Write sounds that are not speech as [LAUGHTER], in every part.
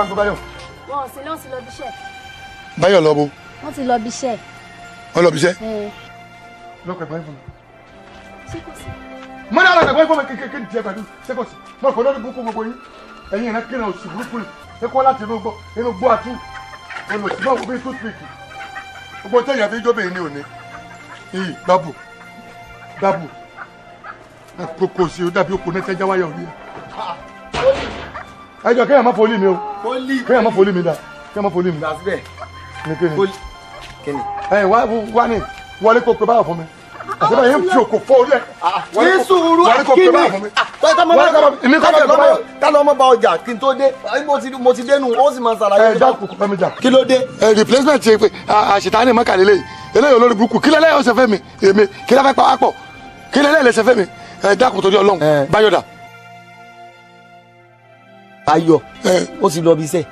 pàṣẹ báyọ̀. wọn ò sí lọ́n ti lọ bí iṣẹ́. báyọ̀ lọ bo. wọ́n ti lọ bí iṣẹ́. wọ́n lọ bí iṣẹ́. lọ́pẹ̀ gbọ́n fún mi. ṣé kò sí. mo ní àwọn àgbẹ̀ fún mi kékeré ní tiẹ̀ pẹ̀lú ṣé kò sí. mo kò lórí burúkú gbogbo yín ẹ̀yin ẹ̀rẹ́ kírun òsì burúkú yìí ẹ̀kọ́ láti inú gbọ́ inú gbọ́ àtú olùsí náà bí tútùpìkì gbogbo tẹ̀yàn fi jóbìnrin ní òní iyì gbàbù o dàbí okùn ní tẹ́jáwáyà òní ẹjọ́ kéèyàn má fọlí kéèyàn má foli mi dá kéèyàn má foli mi. ní kíni. ẹ wá wá ní wọlé kó pe báyọ̀ fún mi àtẹ̀bá yẹn fi òkò fọ orí ẹ̀. kí sùúrù akíní èmi kọ́ bẹ̀rẹ̀ báyọ̀ kálí ọmọ bá ọjà kí n tó dé mo ti dénú ó sì máa ṣàlàyé. ẹ dákun kọ́ mi jà. kí ló dé. ẹ replacement ṣe pé àṣetánì mọ́kàlẹ́ lẹ́yìn eléyìí olórí burúkú kí lẹ́lẹ́yìn ọ̀sẹ̀ fẹ́ mi èmi kí lẹ́fẹ́ pa wá pọ̀ kí lẹ́lẹ́yìn lẹ́sẹ̀ fẹ́ mi ẹ dákun torí Táyọ̀ ó sì lọ bí iṣẹ́.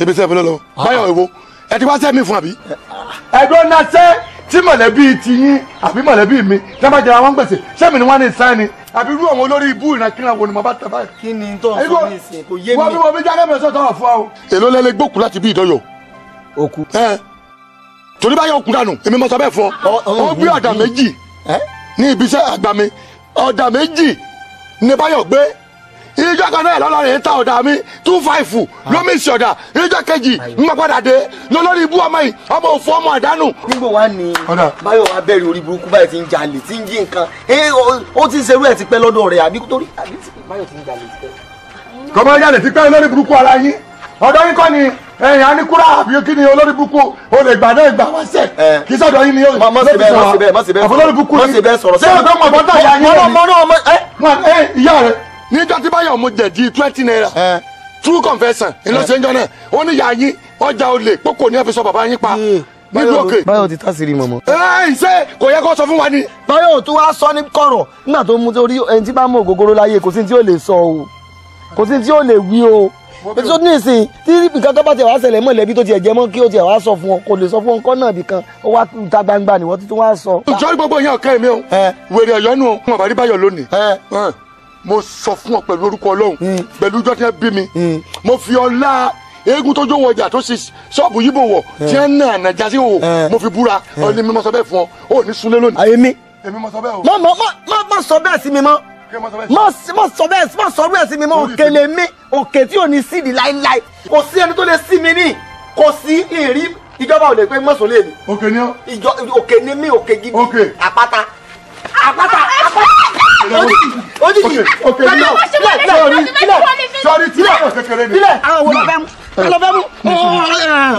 ibi iṣẹ́ ìfúnlẹ̀ lọ ah. báyọ̀ èwo ẹ ti wá sẹ́mi fún àbí. Eh, ah. ẹ̀dọ́ náà ṣẹ́ tí mọ̀lẹ́bí ti yín àbí mọ̀lẹ́bí mi tábàjẹ́ àwọn gbèsè sẹ́mi ni wọ́n ní sáà ni àbí irú àwọn olórí ibú ìrànkíran wo ni mo bá tẹ̀ báyìí. kí ni tó ń sọ ní ìsìn kò yé mi. wọ́n bí wọ́n bí jáde bẹ̀rẹ̀ sọ̀tọ̀ ọ̀fọ́ o. èló lẹ́lẹ́ gbókù láti bí ìdọ́yọ̀. òkú. ẹ torí báyọ̀ òkú dànù èmi mo sọ bẹ́ẹ̀ fọ. ó ìjọ kan náà lọ́lọ́rin ta ọ̀dà mi two five ah. lómi sí ọ̀dà ìjọ kejì ń bá padà dé lọ́lọ́rin ibú ọmọ yìí ọmọ òfò ọmọ àdánù. nígbà wá ní báyọ̀ wá orí burúkú báyìí ti ń jalè ti ń jí nǹkan ó ti ń ṣerú ẹ̀ ti pẹ́ lọ́dọ̀ rẹ̀ àbí torí báyọ̀ ti ń jalè ti pẹ́. kọ́mọ jalè ti pẹ́ lórí burúkú ara yín ọ̀dọ́ yín kọ́ ni ẹ̀yìn anikura àbí níjọ́ tí báyọ̀ mo di twenty naira true confession ìlọsẹ̀njọ́ náà ó ní yàá yín ọjà olè pókò ní ẹ fi sọ bàbá yín pa nílùú òkè. báyọ̀ ti tásìrì mọ̀mọ́. ẹ ṣe kò yẹ kó sọ fún wa ni. báyọ̀ tó wá sọ ní kọ̀rọ̀ nígbà tó mú torí ẹni tí bá mọ ògógóró láyé kò sí tí ó lè sọ o kò sí tí ó lè wí o ètò ní ìsìn tí nǹkan tó bá tiẹ̀ wá ṣẹlẹ̀ mọ̀lẹ́bí tó tiẹ̀ jẹ́ mọ́ kí ó tiẹ̀ wá sọ fún ọ kò lè sọ fún ọ nǹkan náà bìkan ó wá ta gbangba nìwọ́n tuntun wá sọ. ìjọ́rí gbogbo yẹn ọ̀kẹ́ mi o wèrè ọ̀yọ́nù o wọn bá rí báyọ̀ lónìí mo sọ fún ọ pẹ̀lú orúkọ ọlọ́run hmm. pẹ̀lú ọjọ́ bí mi hmm. mo fi ọlá eégún tó jó wọjà tó sì ṣọ́ọ̀bù yíbò wọ̀ hmm. tí wọ́n nà jásí wò mo fi búra ọ̀ni mi mo sọ bẹ́ẹ̀ fún ọ ò ní sunlé lónìí. àyè mi mo mọ sọ bẹ́ẹ̀ sí mi mọ́ mo sọ bẹ́ẹ̀ mo sọ bẹ́ẹ̀ sí mi mọ́ òkè lè mí òkè tí ò ní sídìí láéláé kò sí ẹni tó lè sí mi ní kò sí ìrí ìjọba ò lè pé mọ́sọ̀ lè mi. òkè ni ọ. òkè ni mí òkè gidi àpáta àpáta àpáta ojijì pẹ̀lú sọrí tílẹ̀ sọrí tílẹ̀ kékeré ni. àwọn wo bẹ mú kálọ bẹ mú.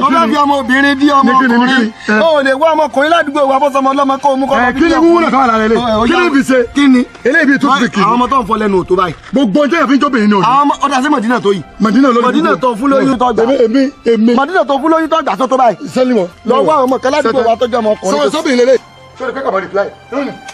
mo bẹ fi ọmọbìnrin bí ọmọkùnrin o lè wá ọmọkùnrin ládùúgbò wa bọ́ sọmọ ọlọ́mọ kó o mú kọ́ ọmọ bíi ọmọ. kí ni wúlò sọ́wọ́n lára rẹ̀ kí ni ibi ṣe kí ni eléyìí tó ti kì í. àwọn ọmọ tó ń fọ lẹ́nu òtó báyìí. gbogbo ọjọ́ yẹn fi ń jóbìnrin náà. àwọn ọ̀dà sí Madina tó yìí. Madina lórí Madina tó fún lóyún tó gbà. èmi èmi. Madina tó fún lóyún tó gbà sọ́tọ́ báyìí. sẹ́ni wọn. lọ wá àwọn ọmọ kẹlẹ́dùgbò wa tó jẹ́ ọmọkùnrin. sọ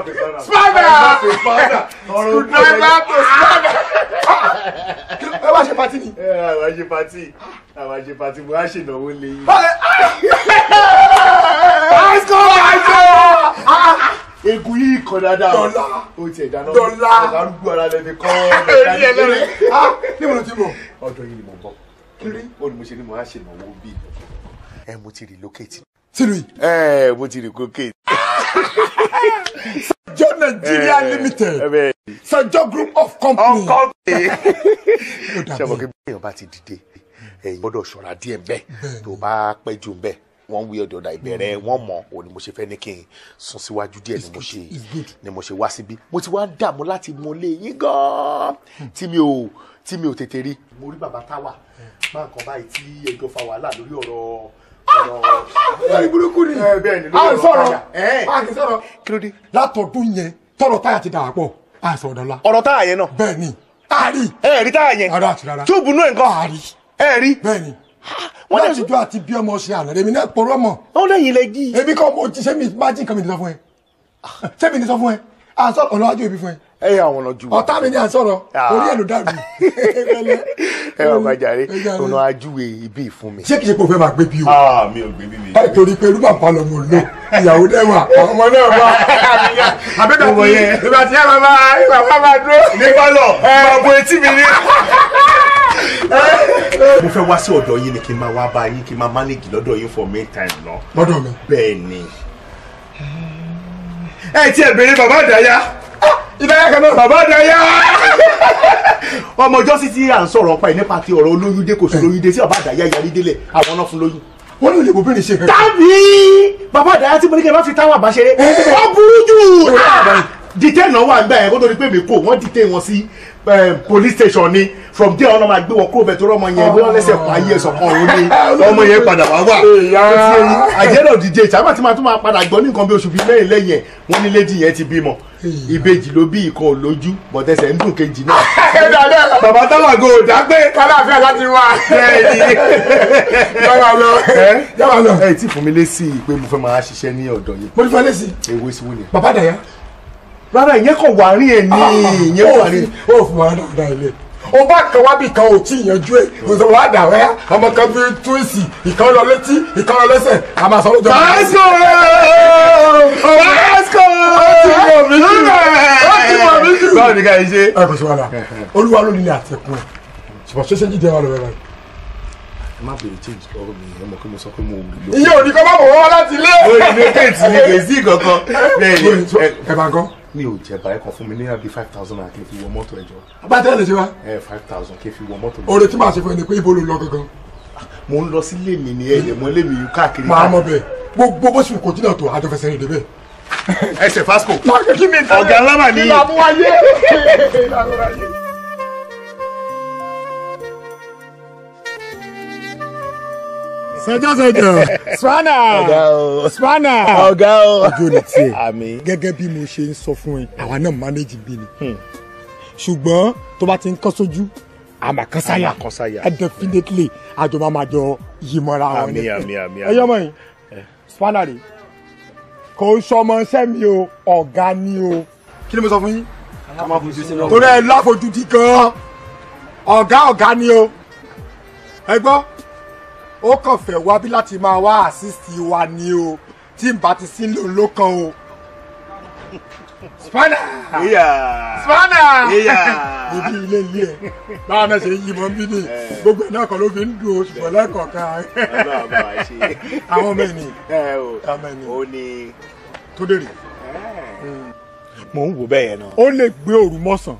of a spanner. Spanner! Not a spanner. Screwdriver to spanner. Ẹ wá ṣe pati ni. Ẹ àwa ṣe pati. Àwa ah, ṣe pati mo á ṣe ìnáwó lé yín. Àìsàn ah! àìsàn. Ah! Egun yìí kan dáadáa. Dọ́là. O tiẹ̀ dáná. Dọ́là. Ọ̀gá arúgbó ara lẹ́ni kọ́. Ẹ̀rí ẹ̀ lọ́rẹ̀. Níbo ló ti mọ̀? Ọ̀dọ̀ yìí ni mo bọ̀. Kiri. Ó ní mo ṣe ni mo á ṣe ìnáwó bí. Ẹ mo ti relocate. Sílùú. Ẹ eh, mo ti relocate. Sajo Nigeria eh, Limited. Eh, Sajo Group of Company. Ṣé mo kí bí èèyàn ti dìde, èèyàn gbọ́dọ̀ ṣọ́ra díẹ̀ bẹ́ẹ̀ tó bá pẹ́ jù bẹ́ẹ̀ wọ́n wí ọ̀dọ̀ ọ̀dà ìbẹ̀rẹ̀ wọ́n mọ̀ ò ní mo ṣe fẹ́ ní kí n sún síwájú díẹ̀ ni mo ṣe ni mo ṣe wá síbí mo ti wá ń dààmú láti mọ lé yín gan-an tí mi ò tí mi ò tètè rí. mo rí bàbá táwà máa hmm. ń kan báyìí tí ẹjọ́ fa wàhálà lórí ọ̀rọ̀ lórí burúkú ni a sọ̀rọ̀ a kì í sọ̀rọ̀ kílódé látọdún yẹn tọrọ táyà ti dà pọ̀ a sọ ọ̀dọ̀ la. ọ̀rọ̀ táyà yẹn náà. bẹ́ẹ̀ ni a rí. ẹ rí táyà yẹn. ara àti rara túùbù náà nǹkan. a ẹ rí. bẹ́ẹ̀ láti jọ àti bí ọmọ ṣe àná èmi náà pọ̀rọ̀ mọ̀. ó lẹ́yìn lẹ́gí. èmi kọ́ mo ti ṣé mi nǹkan mi ní sọ fún ẹ ah. ṣé mi sọ fún ẹ à ń sọ̀rọ̀ ọ̀nà ajú ibi fún ẹ. ẹ yà àwọn ọ̀nà ju wa ọ̀tá mi ni à ń sọ̀rọ̀ ah. orí ẹ̀ ló dàrú. ẹ wà gbàjàre ọ̀nà ajú ibi fún mi. ṣé kìí ṣe pé o fẹ́ máa gbé bí o. aa ah, mi ò gbé bí mi. ẹ torí pé rúbà pa lọ́mọ lò ìyàwó dẹ́wà ọmọ náà wà. àbẹ́bà ti ìgbà tí yàrá máa ìgbà máa máa dúró. nípa lọ máa bo etí mi ní [LAUGHS] mo fẹ́ wá sí ọ̀dọ̀ yín ni kí n máa wá bá yín kí n máa manage lọ́dọ̀ yín for main time lọ. lọ́dọ̀ mi. bẹ́ẹ̀ ni ẹ ti ẹ bèrè bàbá àdáyà ah, ìdáyà kan náà bàbá àdáyà ọmọ ọjọ́ sí ti à ń sọ̀rọ̀ ọ̀pá ẹ̀ nípa ti ọ̀rọ̀ olóyúndé kò sí olóyúndé sí bàbá àdáyà yarí délẹ̀ àwọn náà fún lóyún wọ́n ní olè bóbìnrin ṣe. tàbí bàbá àdáyà tí mo ní kí ẹ bá fi táwọn àbá ṣeré ó burú jù ah! dìtẹ́ náà wà ń bẹ́ẹ̀ kó tó di pé mi kò wọ́n dìtẹ́ wọn sí Um, police station ni from there ọlọ́mọ àgbẹ̀ wọ kúrò bẹ̀tọ̀ ọmọ yẹn wọ́n lẹ́sẹ̀ pa ayé ẹ̀sọ̀ kan òun ni ọmọ yẹn padà wá wà àjẹ́rò díje ìtàgbà tí màá tún máa padà gbọ́ ní nǹkan bí oṣù bíi mẹ́rin lẹ́yìn wọ́n ní lady yẹn ti bímọ ìbejì ló bí ìkan ò lójú bọ̀tẹ́sẹ̀ ń dùn kejì náà. bàbá tábàgò ò dágbé. kálàfíà láti wá. yàrá lọ yàrá ẹ ti fún mi lé sí i pé mo fẹ́ máa ṣiṣẹ́ ní ọ̀dọ̀ yìí. mo ti fẹ́ lé sí i. èwo ìsìnwó ni. bàbá dàyà rárá ìyẹn kò wà rí ẹ ní ah, ìyẹn wà rí. ó fún wa dáadáa ilé o bá kan wábì kan ò tí ì ẹ òsè wàá dà wẹ́ ọmọ kan fi tú ìkan lọ létí ìkan lọ lẹ́sẹ̀ a sọ lójó. báṣọ báṣọ ó ti mọ̀ mí jù ó ti mọ̀ mí jù. báwo ni ká yìí ṣe. ẹ kò sí wàhálà olúwa ló nílé àtẹkùn ẹ ṣùgbọ́n ṣé jíjẹ wà lọ́wọ́ báyìí ẹ má bèrè change lọ́rọ̀ mi ẹ mọ̀ mo sọ pé mo ò lò. iye òní kan bá bọ̀ wọ́n láti ilé. oye ní mi ò jẹ báyìí kan fún mi ní àbí five thousand naira kí n fi wọ mọ́tò ẹ̀jọ́. abájáde lè ṣe wa. ẹ five thousand kí n fi wọ mọ́tò. oore tí màá ṣe fún ẹ ni pé ibo ló lọ gangan. mo ń lọ sílé mi ni ẹyẹ mọ lé mi káàkiri. màá mọ bẹ́ẹ̀ gbogbo bó sì kò jìnnà tó àjọfẹsẹ̀ rìn débẹ̀. ẹsẹ̀ fásco ọ̀gá ńlá mà ní. kí ni àmúwáyé. [LAUGHS] sọjọ́ sọjọ́ spanner spanner ọ̀gá o ọjọ́ ní tiẹ̀ gẹ́gẹ́ bí mo ṣe ń sọ fún ẹ àwa náà manage bí ni hmm. ṣùgbọ́n tó bá ti ń kán sójú àmàkásáyà definitely àjọ máa ma jọ yìí mọ́ra wọn ni ẹyọ mọ̀ yìí spanner rè kò sọmọṣẹ́ mi o ọ̀gá ni o kí ni mo sọ fún yín torí ẹ láfojúdi gan ọ̀gá ọ̀gá ni o ẹ gbọ́ ó kàn fẹ́ wá bí láti máa wá assist wa ni o tí n bá ti sí lòun ló kan o. spanner spanner ibi ilé ilé ẹ báwa náà ṣe yí mọ bí ni gbogbo ẹ náà kan ló fi ń dùn oṣù pẹ̀lẹ́ kọ̀ọ̀kan àwọn ọmọ ẹni ọmọ ẹni tó dé mò ń wò bẹ́ẹ̀ yẹn náà. ó lè gbé òru mọ́sàn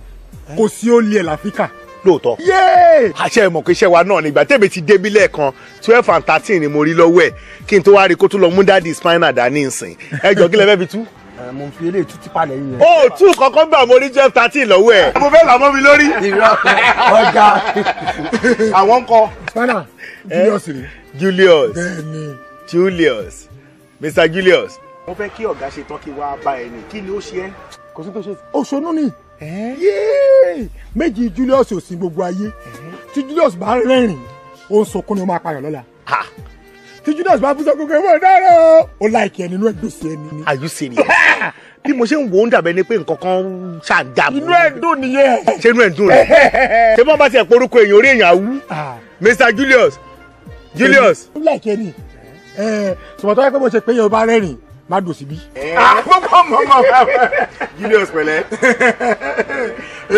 kò sí ó lé ẹ̀ láfíkà lóòótọ́. yéè àṣẹ ìmọ̀ pé iṣẹ́ wa náà nígbà tèmi ti débi lẹ́ẹ̀kan twelve and thirteen ni mo rí lọ́wọ́ ẹ̀ kí n tó wá rí kó tó lọ mú dáàdi spinal dání nsìn ẹ jọ kílẹ̀ fẹ́ fi tú. mo fi eré ìtú tipa lẹ́yìn rẹ̀. o tú kankan gbà mo rí twelve thirteen lọ́wọ́ ẹ̀. mo fẹ́ làmọ́ mi lórí. ọjà àwọn ń kọ. spinal Julius ni. Julius Julius Mr Julius. mo fẹ́ kí ọ̀gá ṣe tán kí wàá bá ẹni kí ni ó ṣe é. kò sí tó ṣe òṣonú ni méjì Julius ò sí gbogbo ayé tí Julius bá rẹ́rìn ó ń sọkún ni ó máa payàn lọ́la tí Julius bá fúnṣọ gbogbo ẹ̀wọ̀n dára ó láìkí ẹni inú ẹ̀ gbèsè ẹni ni. Are you serious? [LAUGHS] bí mo ṣe ń wò ń dàbẹ̀ ni pé nǹkan kan ṣàǹdà. inú ẹ̀ dùn nìyẹn. ṣé inú ẹ̀ dùn rẹ̀ [LAUGHS] ṣé bọ́n bá tiẹ̀ porúkọ èèyàn orí èèyàn awú Mr Julius Julius. ó láìkí ẹni ẹ sọ̀tọ́ ẹ pé mo ṣe pé yorùbá rẹ́rìn má dùn síbí. mọ mọ mọ Julius pẹ̀lẹ́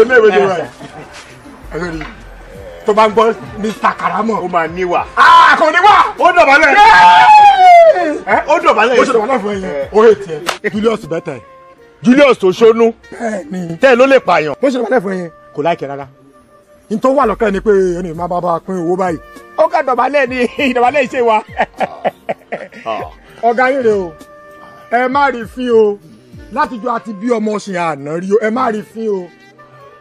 èmi èwe jẹ wáyé ẹgbẹrin tó bá ń gbọ́ Mr. Karamo. ó máa níwà. kò ah, níwà. Eh. Eh, ó dọ̀bálẹ̀. ó dọ̀bálẹ̀. ó ṣe dọ̀bálẹ̀ fún ẹyin. Eh. ó yẹ tiẹ̀ Julius bẹ́tẹ̀. Julius tó ṣonú. bẹ́ẹ̀ni. tẹ́ ẹ ló lè pààyàn. ó ṣe dọ̀bálẹ̀ fún ẹyin. kò láìkẹ́ rárá. n tó wà lọ́kàn ni pé ẹni máa bá bá pín owó báyìí. ó ká dọ̀bálẹ̀ ni [LAUGHS] ìdọ̀bálẹ̀ ìṣe wa. ọ̀gá yín rè o ẹ má rí fín o látijọ́ àti bí ọmọ ṣe àná rí o ẹ má rí fín o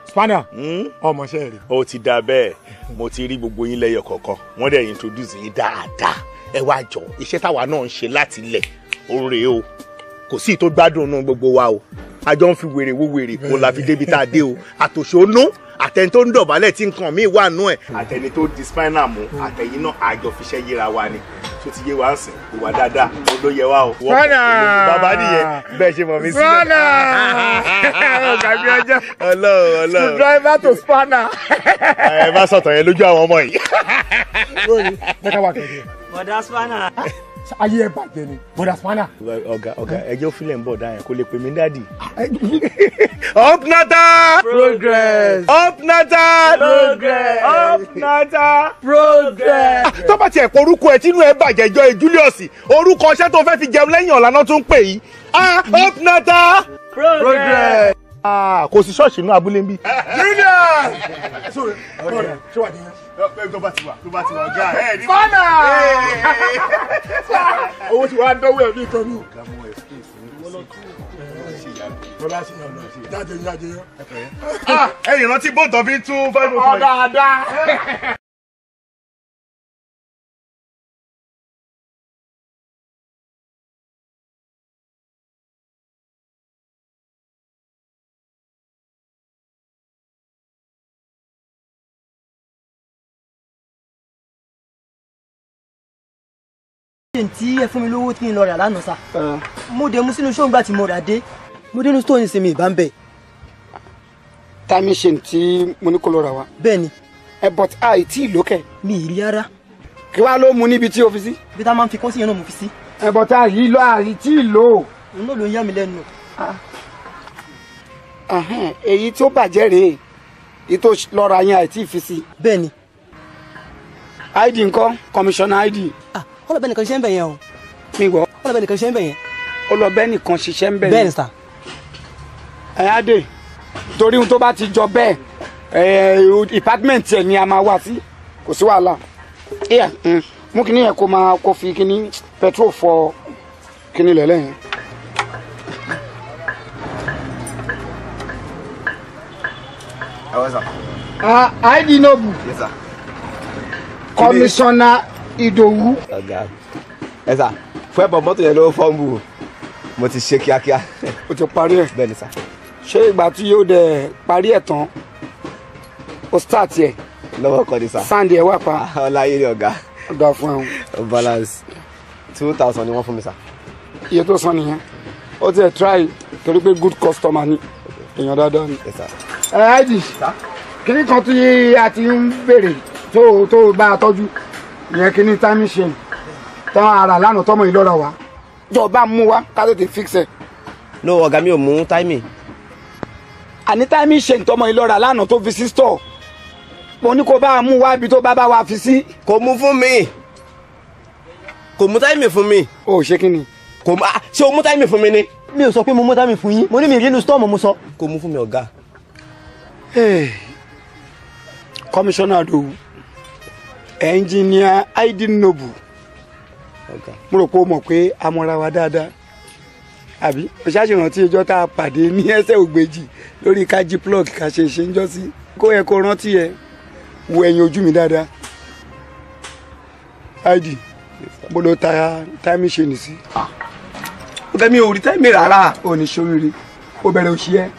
spanner hmm? ọmọọṣẹ́ rẹ. ó ti da bẹ́ẹ̀ mo ti rí gbogbo yín lẹ́yọ̀ kọ̀ọ̀kan wọ́n dẹ̀ introduce yín dáadáa ẹ wá jọ iṣẹ́ táwa náà ń ṣe láti ilẹ̀ oore o kò sí ìtò gbádùn nù gbogbo wa o a ń fi wèrè wo wèrè kó la fi débi tá a dé o àtòṣe ó nú àtẹni tó ń dọ̀bálẹ̀ tí nǹkan míì wà nú ẹ̀. àtẹni tó di spinal mú àtẹ̀yìn náà àjọfiṣẹ́ yíra wa ni tó ti yé wa ń sìn ìwà dáadáa ó ló yẹ wa o. fúnà bàbá nìyẹn bẹ́ẹ̀ ṣe mọ̀ mí sílẹ̀. fúnà [LAUGHS] ọ̀gàbí ọjọ́ ọlọ́run ọlọ́run screwdriver to spanner. [LAUGHS] ẹ bá sọ̀tọ̀ yẹn lójú àwọn ọmọ yìí. bóyá bẹ́ẹ̀ [LAUGHS] ayé ẹ bàjẹ́ ni bọ̀dà spanner. ọ̀gá ọ̀gá ẹjẹ́ ó ń bọ̀ dáhùn kó lè pè mí dáàdì. [LAUGHS] up nata. progress. up nata. progress. up nata. progress. tó bá tiẹ̀ pọ̀ orúkọ ẹ̀ tínú ẹ̀ bàjẹ́ jọ ẹ̀ Julius orúkọ ọṣẹ́ tó fẹ́ fi jẹun lẹ́yìn ọ̀la náà tó ń pè yìí. Ah, up nata. progress. Ah, kò sí ṣọ́ọ̀ṣì inú abúlé ń bí. fọ́nà owó tí wàá dánwó ẹ̀ bí kan ní. Ah, ẹ̀yìn rántí bóńtọ́ bí tún five oh five. ọ̀dà àdá. [LAUGHS] chain tí ẹ fún mi lówó tí n lọ rà lánàá sá mo dẹ̀ mú sínú ṣóńgbà tí mo rà dé mo dénú stone ìsinmi ìbá ń bẹ̀. tami chain tí mo ní kó lọ rà wá. bẹ́ẹ̀ni. ẹ but a ì tí ì lókè. mi ì rí ara. kí wàá ló mu níbi tí o fi sí. bí tá a máa ń fi kọ́ sí yẹn náà mo fi sí. ẹ but a yìí lọ a ì tí ì lò. n ló ló ń yá mi lẹ́nu. èyí tó bàjẹ́ rèé èyí tó lọ́ra yẹn àì tí ì fi sí. bẹ́ẹ̀ni. id ńkọ́ commissioner id. Ah ọlọbẹ nìkan ṣiṣẹ́ ń bẹ̀ yẹn o. mi wọ. ọlọbẹ nìkan ṣiṣẹ́ ń bẹ̀ yẹn. ọlọbẹ nìkan ṣiṣẹ́ ń bẹ̀ yẹn. bẹ́ẹ̀ sà. ẹ adé torí ohun tó bá ti jọ bẹ́ẹ̀ ẹ department ẹ ni a máa wá sí kò sí wàhálà ẹ mm, mú kíní yẹn kó máa kó fi kíní petrol fọ kíní lẹ́lẹ́ yẹn. Ah, I did not. Yes, sir. Commissioner ìdòwú. ọ̀gá ẹ sà fún ẹ̀bọ̀n mọ́tò yẹn ló fọ́ọ̀mù o mo ti ṣe kíákíá. o ti parí ẹ bẹ́ẹ̀ ni ṣé ìgbà tí yóò dẹ parí ẹ tán o start yẹ. lọ́wọ́ kọ́ ni sà. sand yẹ wà pa. Ah, ọláyé ni ọ̀gá. ọ̀gá fún ẹ. balance two thousand ni wọ́n fún mi sà. iye tó san nìyẹn ó ti ẹ̀ try torí pé good customer ni èèyàn dáadáa ni. ẹ ẹ́ dì kíní kan tí a ti ń béèrè tó tó bá a tọ́jú ìyẹn kí ni time machine tán ara lánàá tọmọ yìí lọ́ra wa jọba mú wa ká ti fix ẹ. no ọ̀gá mi ò mú táìmì. àní táìmì ṣe ìtọ́mọ ìlọ́ra lánàá tó fi sí stọ̀ mo ní kó bá a mú wá ibi tó bá bá wa fi sí. kò mú fún mi kò mú táìmì fún mi. o ṣe kí ni. kò mú ah, ṣé o mú táìmì fún mi ni. mi ò sọ pé mo mú táìmì fún yín mo ní mi rí store stọ́ọ̀mù mo sọ. kò mú fún mi ọ̀gá. kọmíṣánná eh, àdòwú. ẹnjìníà aidinobu nobu mo rò o mọ̀ pé a wa dáadáa àbí ṣáàṣì rántí ẹjọ́ tá a pàdé ní ẹsẹ̀ ògbèjì lórí kájí plug ká ṣe ṣe ń kó yẹ kó rántí ẹ wo ẹyin ojú mi dáadáa aidi mo ṣe nì sí tẹ́ mi ò rí rárá bẹ̀rẹ̀ òṣì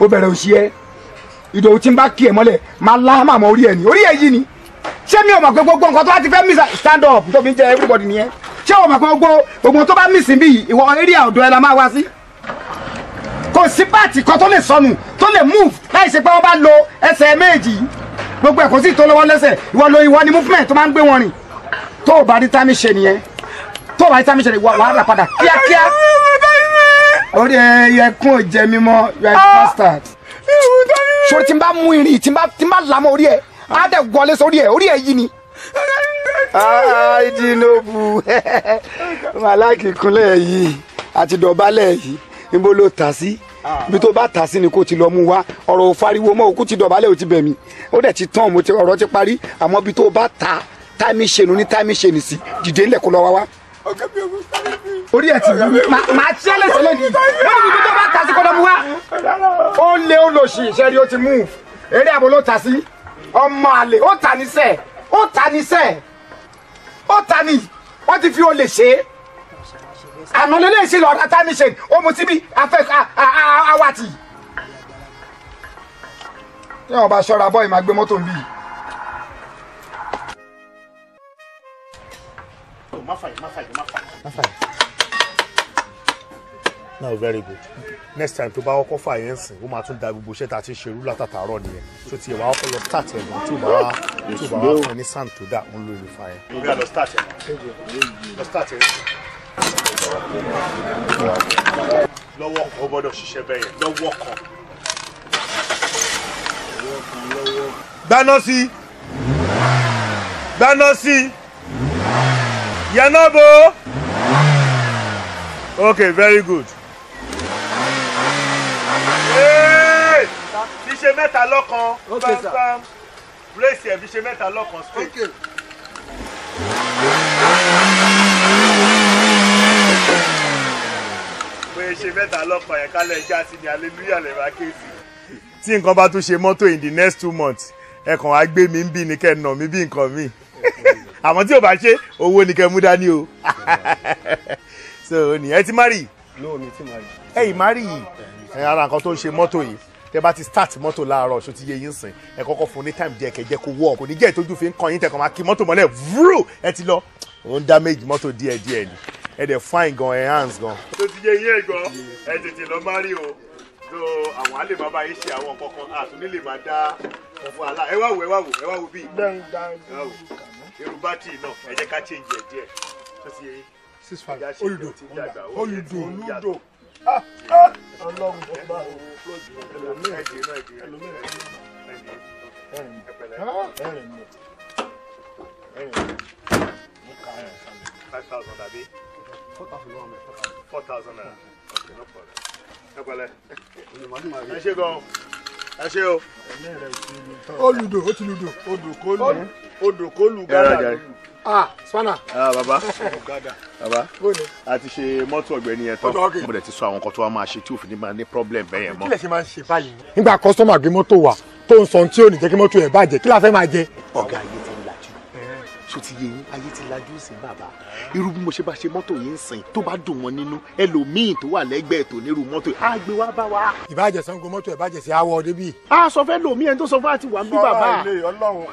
bẹ̀rẹ̀ òṣì ìdòwú tí ń bá ni. ṣé mi ò mọ̀ pé gbogbo nǹkan tó bá ti fẹ́ miss stand up tó fi ń jẹ everybody nìyẹn ṣé o mọ̀ pé gbogbo gbogbo tó bá miss bí ìwọ area ọ̀dọ̀ ẹ̀ la máa wá sí kò sí páàtì kan tó lè sọnù tó lè move láì ṣe pé wọ́n bá lo ẹsẹ̀ méjì gbogbo ẹ̀ kò sí ìtòlówó lẹ́sẹ̀ ìwọ lo ìwọ ni movement tó máa ń gbé wọn rìn tó o bá rí tá mi ṣe nìyẹn tó o bá rí tá mi ṣe nìyẹn wàá padà kíákíá orí ẹyẹ kún ò mímọ you are a bastard ṣòro tí n bá mú irin tí n bá tí orí ẹ á dẹ̀ wọlé sórí ẹ̀ orí ẹ̀ yìí ni. Tinubu Malaki [LAUGHS] kúnlẹ̀ yìí àti dọ̀bálẹ̀ yìí níbo ló tà sí ah. ibi tó bá tà sí ni kò ti lọ mú wa ọ̀rọ̀ òfariwo mọ́ òkú ti dọ̀bálẹ̀ ò ti bẹ̀ mí ó dẹ̀ ti tán ọ̀rọ̀ ti parí àmọ́ ibi tó bá tà táìmì ṣenu ní táìmì ṣenu sí dìde ńlẹ̀ kó lọ wá wá orí ẹ ti wú màá tí ẹ lẹsẹ lẹni wọn ni tó bá tà sí kọdọ mu wa ó lé ó lọ sí ìṣẹ́rí ó ti mú eré àbọ̀ ló tà sí ọmọ àlè ó ta ní sẹ ó ta ní sẹ ó ta ní wọ́n ti fi olè ṣe é àmọ́ lè ṣe lọ́ra tá mi ṣe ó mu síbi afẹ́ awàtì. tí wọn bá ṣọ́ra bọ́ọ̀ máa gbé mọ́tò ń bì. má fàyè má fàyè má fàyè no very good next time tó bá kọ́kọ́ fà yẹn sìn ó máa tún da gbogbo iṣẹ́ tá a ti ṣerú látàtàárọ̀ nìyẹn tó tiẹ̀ wá kọ́ lọ start ẹ̀ gan tó bá wá tó bá wá fún ẹ ní sand tó dà ń lo ìlú fa yẹn. ìgbà lọ start ẹ̀ lọ start ẹ̀ lọ́wọ́ kan ó gbọ́dọ̀ ṣiṣẹ́ bẹ́ẹ̀ yẹn lọ́wọ́ kan. gbaná sí gbaná sí yẹn náà bò ó. Okay, very good. ṣe mẹ́ta lọ́kan pam brace ẹ̀ ṣe mẹ́ta lọ́kan straight. pé ṣe mẹ́ta lọ́kan yẹn kálẹ̀ já sí ni hallelujah lè máa ké tí nǹkan bá tún ṣe mọ́tò in the next two months ẹ kàn wá gbé mi ń bí ni kẹ́ ẹ nà mí bí nǹkan mi [LAUGHS] àmọ́ tí ò bá ṣe owó ni kẹ́ mú dání o [LAUGHS] so nìyẹn ti má rí. lóòmí ti má rí. ẹ̀yìn má rí yìí ara nǹkan tó ń ṣe mọ́tò yìí tẹ bá ti start mọ́tò láàárọ̀ ṣó ti yé yín sìn ẹ kọ́kọ́ fún ní time díẹ̀ kẹjẹ kó wọ̀ kò ní jẹ́ ìtọ́jú fi ń kàn yín tẹ̀kọ́ máa kí mọ́tò mọ́lẹ̀ vrú ẹ ti lọ òun damage mọ́tò díẹ̀ díẹ̀ ni ẹ dẹ̀ fine gan ẹ hands gan. tó ti yé yín ẹ̀gbọ́n ẹ tètè lọ má rí o lo àwọn àlè bàbá yìí ṣe àwọn kankan àtúndì lè máa dá ọ̀fọ̀ àlà ẹ wá wò ẹ wá wò ẹ wá wò bíi irú bátìrì náà ẹ jẹ́ ká change ẹ̀ díẹ̀ tó ti yé yín. six five olùdó olùdó olùdó ọlọ́run tó bá o ẹlòmíràn thousand four thousand okay no problem ẹ pẹ̀lẹ́ ẹ ṣe gan ẹ ṣe o. olùdó ó ti ludò. odò kó lu odò kó ah spanner. ah baba baba a ti ṣe mọ́tò ọ̀gbẹ́ni yẹn tán mo dẹ̀ ti sọ àwọn nǹkan tó wá máa ṣe tí òfin ní máa ní problem bẹ́ẹ̀ yẹn mọ́. kí lè ṣe máa ń ṣe báyìí. nígbà kọ́sọ́mà gbé mọ́tò wá tó ń sọ tí ò ní jẹ́ kí mọ́tò yẹn bàjẹ́ kí la fẹ́ máa jẹ. ọ̀gá yìí ṣó ti yẹ yín ayé ti lajú sí bàbá irú bí mo ṣe bá ṣe mọ́tò yìí ń sìn tó bá dùn wọn nínú ẹlòmíín tó wà lẹ́gbẹ̀ẹ́ tó nírú mọ́tò yìí á gbé bá wa. ìbàjẹ́ sango mọ́tò ẹ̀ bàjẹ́ sí awọ débì. a sọ fẹ́ lomi ẹni tó sọ fún àti wà ń bí bàbá. ọlọ́run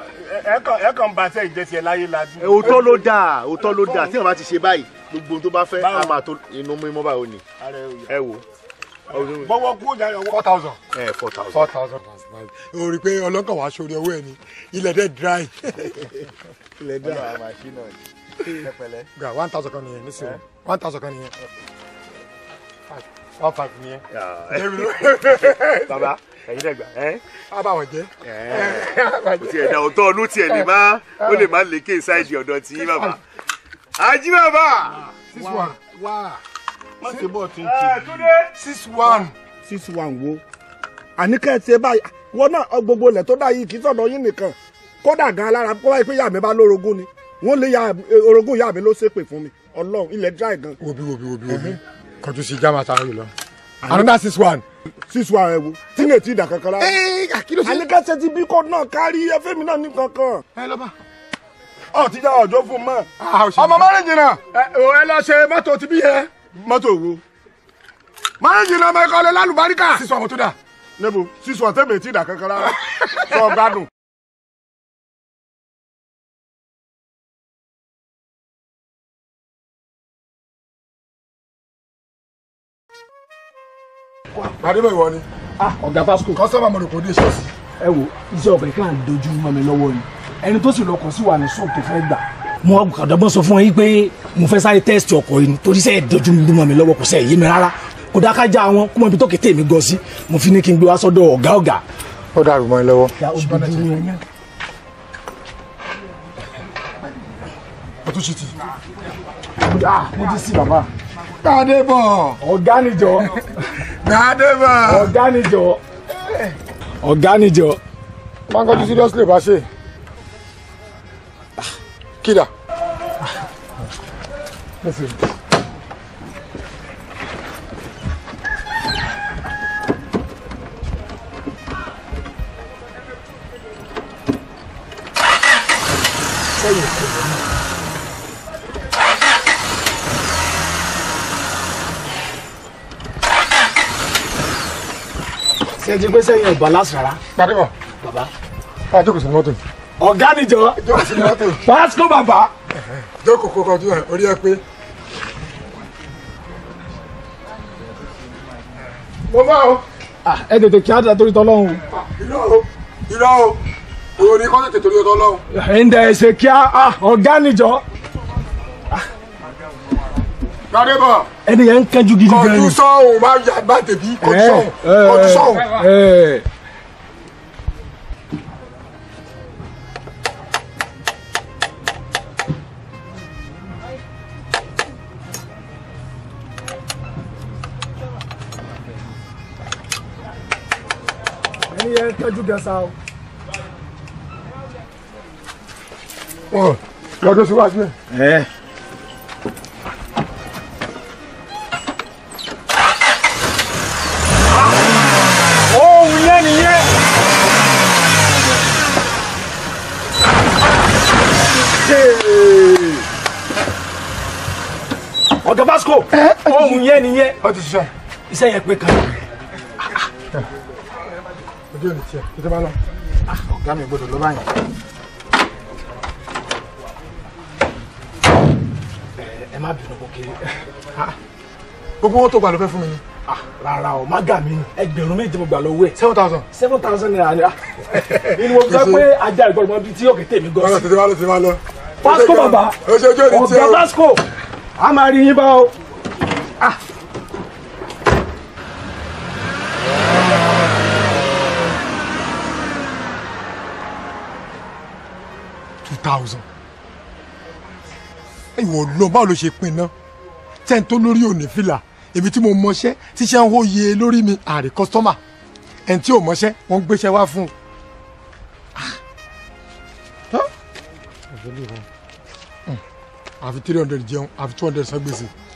ẹ kàn bá sẹ́yìn jẹ́ sí ẹ láyé lajú. òótọ́ ló dáa òótọ́ ló dáa tí wọ́n bá ti ṣe báyìí gbogbo o rí i pé ọlọ́kàn wàá sórí ọwọ́ ẹ̀ ni ilẹ̀ dẹ̀ dry. ilẹ̀ dry ọlọ́wà màṣí náà ni pẹ̀lẹ́. gba one thousand kan nìyẹn nísìnyí one thousand kan nìyẹn one five nìyẹn. baba [LAUGHS] ẹ̀yin dẹ̀ gbà ẹ́. a bá wọn jẹ. [LAUGHS] kò tiẹ̀ dà ọ̀tọ̀ ọdún tiẹ̀ lè má ó lè má lè ké ṣáìjì ọ̀dọ̀ tí bàbá. ají bàbá. six one. wá. má ṣe bọ́ọ̀ eh, tí six one. six one wo àníkẹ́ ṣe báyìí wọn náà gbogbo ilẹ̀ tó dá yìí kì í sọ̀dọ̀ yín nìkan kódà gan alára kó wáyé pé ìyá mi bá lórogún ni wọn lè ya orogún ìyá mi ló ṣépè fún mi ọlọ́run ilẹ̀ dry gan. wobi wobi wobi wobi kọjú sí jama sáré lọ. another six one. six one ẹ wo tí ní ètí ìdà kankan rárá. àníkẹ́ ṣe ti bí kò náà kárí ẹfẹ́mi náà ní kankan. ẹ lọ́ba ọ ti já ọjọ́ fún mọ́. Ah, ọmọ márùn-ún jìnnà ẹ lọ ṣe mọ́tò ti bí yẹ. mọ́tò wo. márùn-ún jìnnà ọmọ ẹ̀kọ́ lẹ lálùbáríkà. sísọ ọmọ tó dáa níbo sísun ọ̀tẹ́mẹ̀ tí ìdà kankan rárá sọ gbádùn. àdébẹ̀ ìwọ ni. Ah, ọ̀gá Vasco. kọ́sọ́mà mo rò kò dé ṣọ́ọ̀ṣì. ẹ wo iṣẹ́ ọ̀bẹ kan dojú mọ́ mi lọ́wọ́ ni ẹni tó sì lọ kàn sí wa ní sóòtù fẹ́ gbà. mo àgùkàdọ́gbọ́n sọ fún ọ yìí pé mo fẹ́ sáré tẹ́sítì ọkọ̀ yìí torí sẹ́ẹ̀ dojú mọ́ mi lọ́wọ́ kò sẹ́ẹ̀ yé mi rárá kò dákájá wọn kó mọ ibi tó kété mi gọ sí mo fi ní kí n gbé wá sọ́dọ̀ ọ̀gá ọ̀gá. ó dàrú mọ́ ẹ lọ́wọ́. o? tún ṣe tì. Ah, mo ti sí bàbá. gbàdébọ̀. ọ̀gá níjọ. gbàdébọ̀. ọ̀gá níjọ. ọ̀gá níjọ. máa ń kọjú seriously bá ṣe. kídà. Listen. Ah. sẹ́yìn kò lè mọ̀. ṣé ẹ ti gbé sẹ́yìn ọ̀bà lásìràrá. pàdé bọ̀ bàbá. a jókòó sí mọ́tò. ọ̀gá nìjọ. jókòó sí mọ́tò. pásítọ̀ bàbá. jókòó kó kọjú ẹ̀ orí ẹ pé. mo bá o. Ah, ẹ tètè kí á dá torí tọ́lọ́hún. irọ́ o irọ́ o orí kọ́ tètè torí ọtọ́ lọ́hùn. ẹ̀ǹdà ẹ̀sẹ̀ kí a ọ̀gá níjọ. gbadébọ̀. ẹni yẹn ń kánjú gidi gan ni. kọjú sọ́hùn má yà bá tèbí kọjú sọ́hùn kọjú sọ́hùn. ẹni yẹn ń kánjú gẹ̀ẹ́sà o. ọ lọ́dún síwájú ẹ̀. ohun yẹn ọ̀gá Vasco ohun yẹn nìyẹn. ó ti ṣiṣẹ́. iṣẹ́ yẹn pé kan. ojú ò tiẹ̀ kí tó bá lọ. ọ̀gá mi gbọ́dọ̀ ló bá má bínú kó ah, gbogbo owó tó gbà ló fẹ́ fún mi ni. Ah, rárá o má gà mí ni ẹgbẹ̀rún méje mo gbà lọ́wọ́ ẹ̀. seven thousand. seven thousand naira nira ah, inú mo sọ pé ajá ìgbọ́dọ̀ mọ bí tí yóò kété mi gan. ọ̀rọ̀ tètè wá lọ tètè wá lọ. pásítọ̀ bàbá ọ̀gá pásítọ̀ a máa rí yín bá o. two thousand ìwọ lọ báwo ló ṣe pin ná tẹ́ni tó lórí òní fìlà èmi tí mo mọṣẹ́ tíṣẹ́ ń hóye lórí mi àrè kọ́sítọ́mà ẹni tí ò mọṣẹ́ wọ́n ń gbéṣẹ́ wá fún un. Ah. Hmm. àfi three hundred jẹun àfi two hundred san gbèsè.